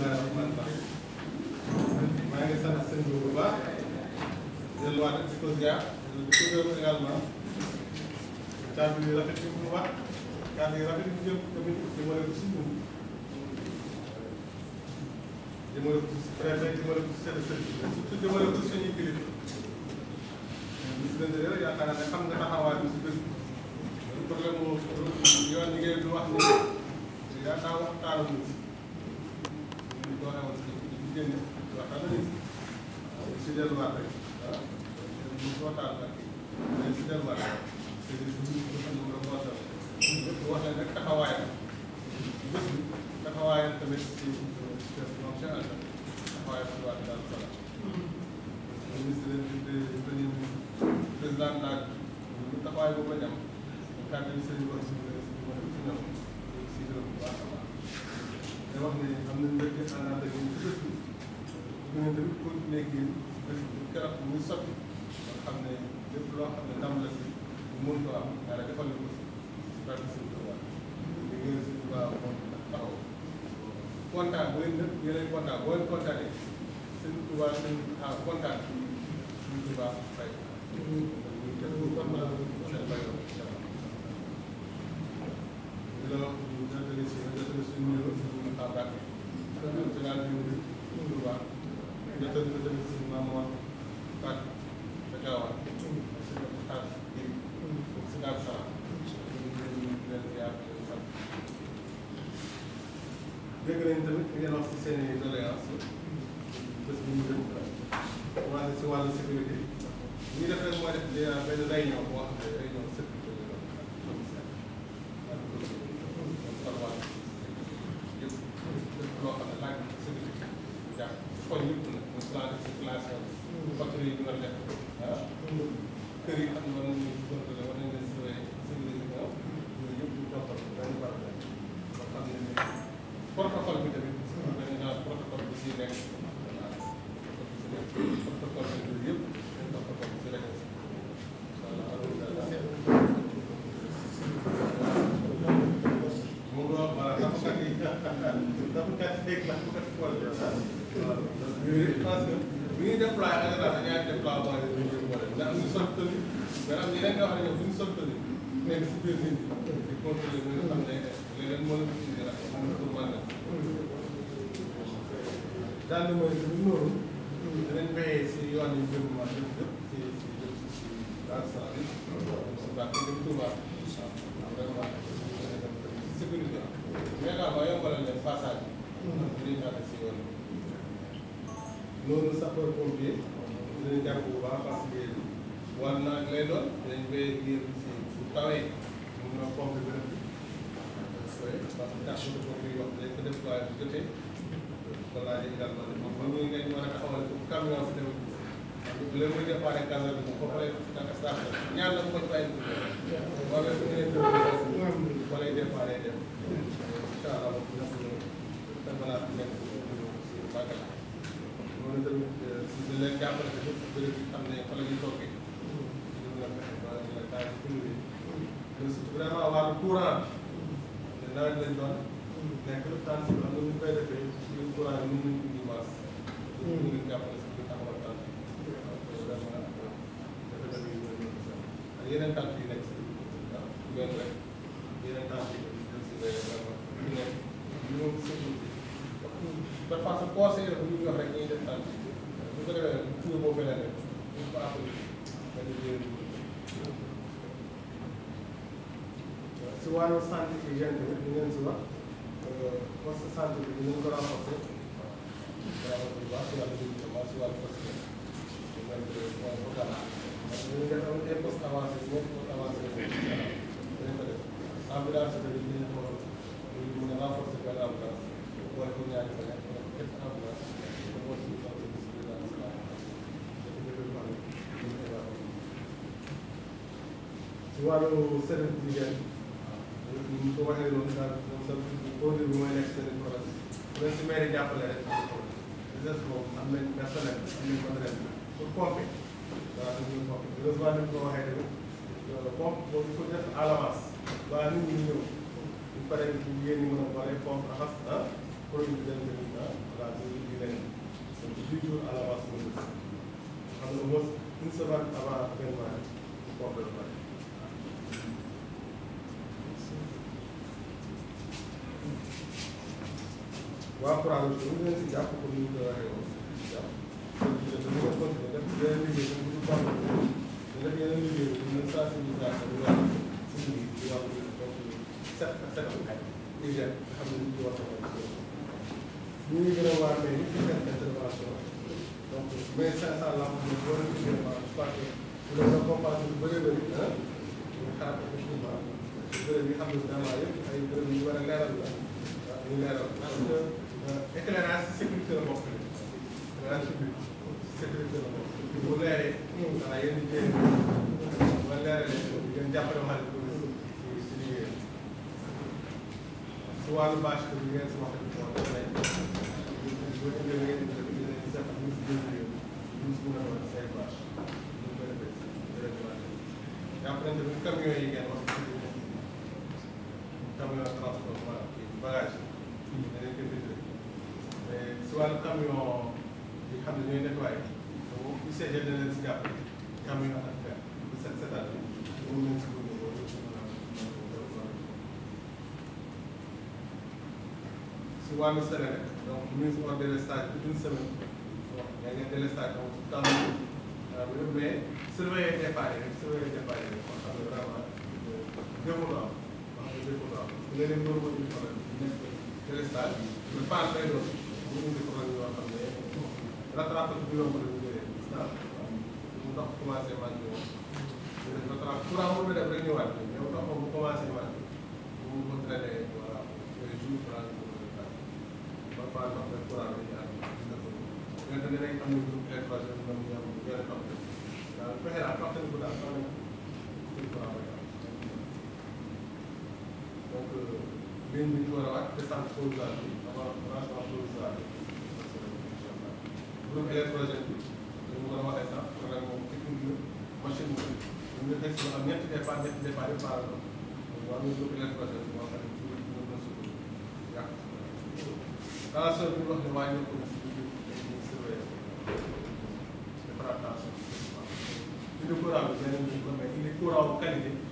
bismillahi rahmaani rahim maa ngi sant sëñ bi bu baax delluwaat ak di ko ziar di ko gërëm également kàddu yi rafet yi mu wax kàddu yi rafet yi mu jël tamit jëmale ko si ñun jëmale ko si préfet jëmale ko si chef de service surtout jëmale ko si suñuy kilifa ministre de l'Intérieur yaakaar naa ne xam nga taxawaay bi si bés bi problème mu yoon yi ngay wax ni yaa taa waxtaanu bi doo awoon ci di génne waxtaan nañu si delluwaat rek ah ñu waxtaan ak mais si delluwaat te du ñu xam ne moom moo tax wax leen rek taxawaayam bés bi taxawaayam tamit ci chef moom Cheikh Anta taxawaayam ci waa daal voilà ministre de premier président daal taxawaay boobu la ñu am kàddu yi sëñ bi wax si si ñoom wax ne am na mbégte àndaat ak yéen ci bés bi bu ngeen tamit continuer ak yéen bés bi keroog muy sotti nga xam ne lépp loo xam ne ndam la fi mun ko am yàlla defal na ko si parce que suñu tubaab di ngeen suñu tubaab moom taxaw kontaan bu leen nag yéen ay kontaan boo leen kontaanee seen tubaab seen ah kontaan suñu tubaab fay te ñaari jiw bi pour baax jottali ko tamit suñu maam moom Faat sa Gaawaan suñu Faat Guèye si Daal Sara ñu ngi leen di leen ziar di leen sant dégg nañ tamit li ngeen wax si seen i doléance bés bu ñu jëm commencé si wàllu sécurité li ñu def rek mooy def benn réunion boo xam ne kër yi xam ne war nañu góorgóorlu war nañu leen surveiller surveiller li nga wax yooyu yëpp ñu toppal benn par benn ba xam ne ni protocole bi tamit dañu naan protocole bi si nekk voilà protocole bi yooyu yëpp dañ protocole bi si rek incha allah alhamdulilah mu doon voilà bi ñuy déployé en général dañuy am déploiement yooyu ñu jëm boole ndax ñu sol tëli mais am yeneen yoo xam ne bu ñu sol tëli nekk si biir nit ñi di contrôler mën a xam ne leneen moo la indi la xam ne pour mën daal di mooy lu noonu dinañ béyee si yoon yi jëm ma jëm jëm ci si jëm si daal sa bi si bàq jëm Touba vraiment sécurité mais daal ma yombalal leen passage bi dinañ si yoon loolu sapeur pompier dinañ jàpp bu baax parce que war naag lay doon dañ koy ngir si su tawee mun na pompe beneen bi parce que tâche bi comme li wax dañ ko def waaye bu jotee ko laajee également de moom moom ñu ngeen war a taxawal pour camion bi dem bu leen muy déparé caserne bi ba pare naka sax ñaar la ko ci bàyyi wala bu ngeen dem wala déparé dem incha allah ñun tamit euh, di leen jàppale ba ñëpp bëri bi xam ne fa la ñuy toogee. ñu mën a fexe ba la daal di dundee. mais surtout vraiment wàllu courant. ne nawet lañ doon. nekk temps si am na ñu koy defee ci courant yi ñu ngi ñu maas. ñu ngi leen jàppale si biir taxawal tànk yi. vraiment jafe-jafe yi ñu ngi sax ak yeneen tànk yi nekk si waaw benn rek yeneen tànk yi nekk si vraiment ñu nekk ñu ngi sëñ bi. parce que conseil la bu ñu joxe. wàllu santé hygiène tamit ñu ngeen si wax poste santé bi dinañ ko renforcer waaw bu baax si wàllu déglu waaw si wàllu poste bi ñu mel ni wàllu Fokala parce que ñu ngi am ay postes avancés ñoom postes avancés ñoom dinañ ko def ambulance bi dinañ ko mën a renforcer benn ambulance boole ko ñaari ba nekk képp ambulance pour mën si wàllu discipline si wàllu service d'hygiène ñu ko waxee noonu daal moom tam produit bi mooy nekk seen problème bu leen si mairie yi jàppale rek am réserve boobu am nañ personnel am nañ matériel pour pomper waaw dañ koy pomper heureusement ni ko waxee tamit loolu pompe boobu ko def à l'avance waa nit ñi ñëw bu paree bu ngeen mën a boole pompe raxas ah produit bi dañ koy ah voilà ñu ngi leen donc toujours à l'avance xam nga au moins une semaine avant événement pompe la pare waa Quraan bi bu ñu leen si jàpp comme ni ñu ko waxee woon jàpp kon ñu def dañu ko continué def yeneen liggéey bi ñu ko ñu def yeneen liggéey bi ñu sensibilisation bi wàllu suñu bi di wàllu donc set ak setal ak hygiène nga xam ne ñu ci war a ñu ngi gën a waar mais ñu ci seen intervention donc mais 500 la am boo leen ci gën a je pense que bu dee sa compagnie bu bëree bëri ah ñu xaar effectivement bërëb yi xam ne vraiment yëpp ay bërëb yu war a leeral la waaw ñu leeral parce que éclairage ci sécurité la bokk éclairage public sécurité la bokk bu leeree voilà yéen di jéem ba leeralee ngeen jàppale xale bi si liggéey si wàllu bâche bi ngeen si wax ak moom lay boo indee ngeen di def ñu leen di seq ñu si jënd yooyu ñu si mën a wax say bâche ñu ko defee directement jàpp nañ tamit camion yi ngeen wax camion transport voilà bagage yi si wàllu camion yi xam ne ñooy nettoyé donc UCG dana leen si jàppale camion ak fer bu set setal bi moom leen si gunge loolu si wàllu semaine rek donc ministre wax délestage bi une semaine bon da ngeen délestage donc temps bi mais surveiller départ yi rek surveiller départ yi rek xam ne vraiment développement wax nga développement nga leen góorgóorlu nekk délestage mais pas très loolu ñu ngi commencé yoo xam ne rattrapé bi yomb na ñu ñëwee mu ndox commencé màgg moom ñu ne rattrapé courant mun na def rek ñëwaat mais ndox moom mu commencé màgg mu mu traité voilà les jours trente jours parfois ndox rek courant la ñu ànd ñu ne rek am na ñu ñu am ñu daal fexe daal waxtaan ko daal ngeen ñu ngi war a wàcc décembre provisoire bi avant branchement provisoire bi incha allah groupe électrogène bi dañu ko waxee sax problème moom technique la machine bi ñu ngi si am ñetti départ ñetti départ yëpp par rapport waaw ñu groupe électrogène bi moo xam ne ñu ngi mën a sukk yàq tension bi ñu wax ne si biir dañuy surveiller defaraat tension bi waaw ci courant bi beneen bi ñu ko mais ci courant bu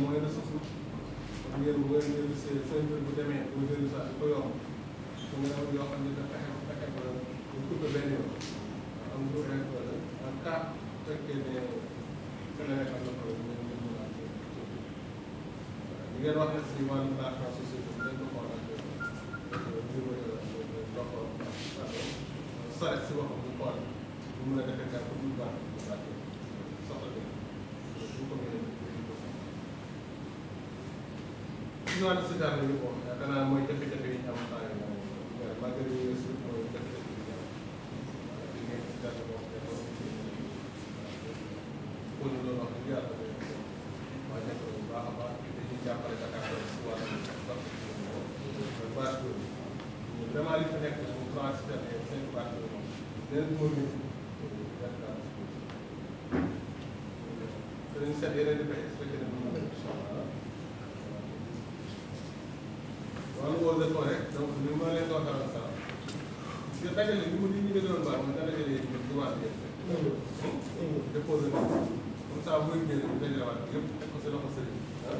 mooy ressource ngeen wër ngeen seen seen mbir bu demee bu dellu saa di ko yomb su nga am yoo xam ne dafa fexe fexe ba ñu tudd benn yoon am lu rek wala en cas fekkee ne fële rek am na problème ngeen ngeen mën a am li ngeen wax nag si wàllu la société ngeen ko xool ak saret si waxam bu xool bu mun a defee kàddu bu baax bu baax soxla bu ko diwaanu Sédar la ñu ko wax yaakaar naa mooy jafe-jafe yi ñu am temps yii moom malgré li ñu suuf mooy jafe-jafe yi ñu am li ngeen si daal boo xam ne loolu kon loolu wax dëgg yàlla day waa nekk bu baax a baax dañuy jàppale Dakar si wàllu mooy bâche boobu ñun vraiment li fi nekk moom transitaire et cinq bâche boobu moom leneen moo ñu dañu seet yeneen di koy expliqué ne mën na loolu moo dëppoo rek donc ni ma leen ko waxee woon sax parce que dajale bi mu nit ñi doon baax man dajale yi ñu duwaat yëpp déposé ko comme ça bu ñu génne ñu dajalewaat yëpp teg ko si loxo sëriñ ah.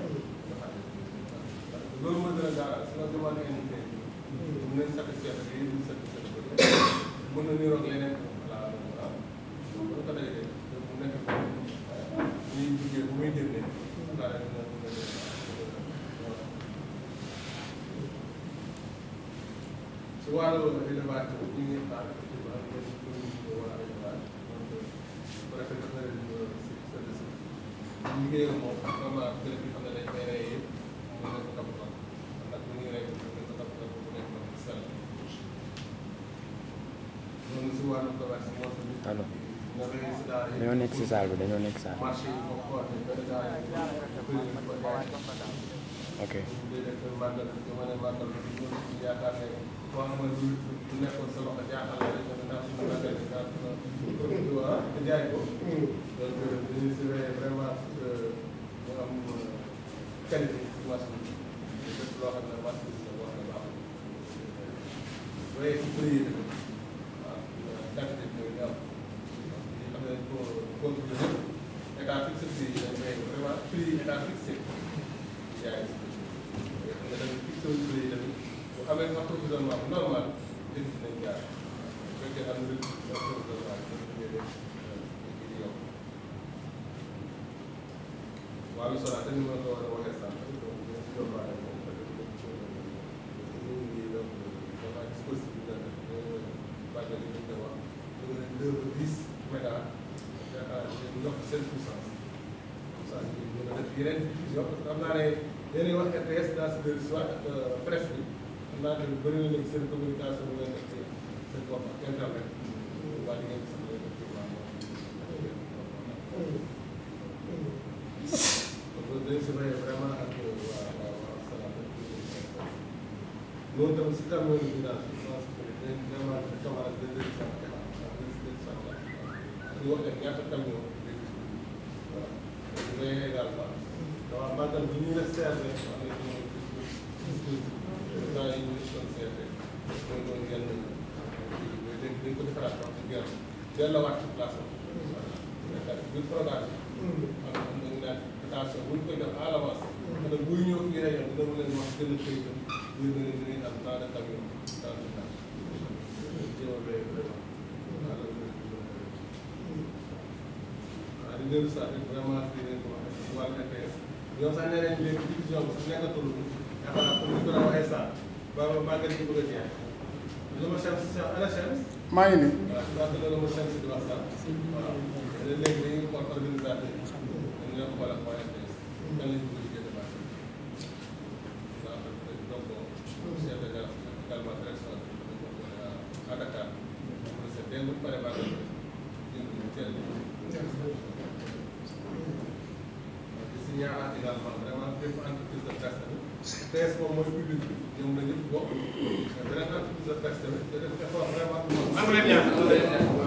loolu moo gën a gaaw si la demande unité mu hmm. leen satisfaire ak yéen ñu satisfaire mën na niroog leneen ci wàllu élevage bi ñu ngi xaar bi xam ne dañ koy nekk ko toppatoo bi dañoo nekk saal marché yi waaw mooy bu bu nekkoon sa loxo jaaxal la rek dafa daal suñu màggal bi daal suñu produit waa te jaay ko. donc euh, dañuy surveiller vraiment euh, mu am euh, qualité ci marché bi lépp loo xam ne marché bi la wax na baaxul. waaye ci prix yi tamit waaw quantité bi mooy ñaaw yi xam ne ko contrôler état fixe prix yi dañ koy vraiment prix yi état fixe jaay avec approvisionnement normal jënd nañ jaar bu fekkee am na approvisionnement bi ñu ngi yokk waaw Sonatel dañu mën ko war a waxee sànq donc ñun si loolu baaxee moom peut être dañu ko ñu ngi donc vraiment dispositif bi dana bàyyi li ñu wax ñu ngi leen deux ba dix mégas yaakaar nañu yokk seen puissance puissance bi ñu mën a def yeneen diffusion parce que xam naa ne yéen wax RTS dans ce soir ak presse bi naa ne bëri na léegi seen communication bu ngeen def ci seen bopp ak internet waa di ngeen sax ngeen def ci waa donc dañ si bàyyi vraiment ak waa waa waa Salam loolu tam si terme de finance je pense que dañ vraiment dafa war a deux mille cent ak deux mille cent ñu wax leen ñaata camion voilà dañ koy également waaw maanaam bu ñu resté avec courant yi ñu ngi sonn see fekk loolu loolu yàlla nañu ko léegi dañ ko defaraat wax dëgg yàlla delluwaat ci place am. waaw biir programme bi. am na ñu naan attention bu ñu ko def à l'avance. parce que buy ñëw fii rek dina mën leen wax gën a xëy na buy mën a dinañ am temps de camion temps de temps. waaw loolu sax rek vraiment fii rek wax dëgg wàllu RTS ñoom sax nee nañ léegi division bi nekkatul dafa am comme ni ko doon waxee ba màggal gi bëgg a jeex lu ana Cheikh maa ngi nii waaw loolu ma bokk beneen entreprise de presse tamit dana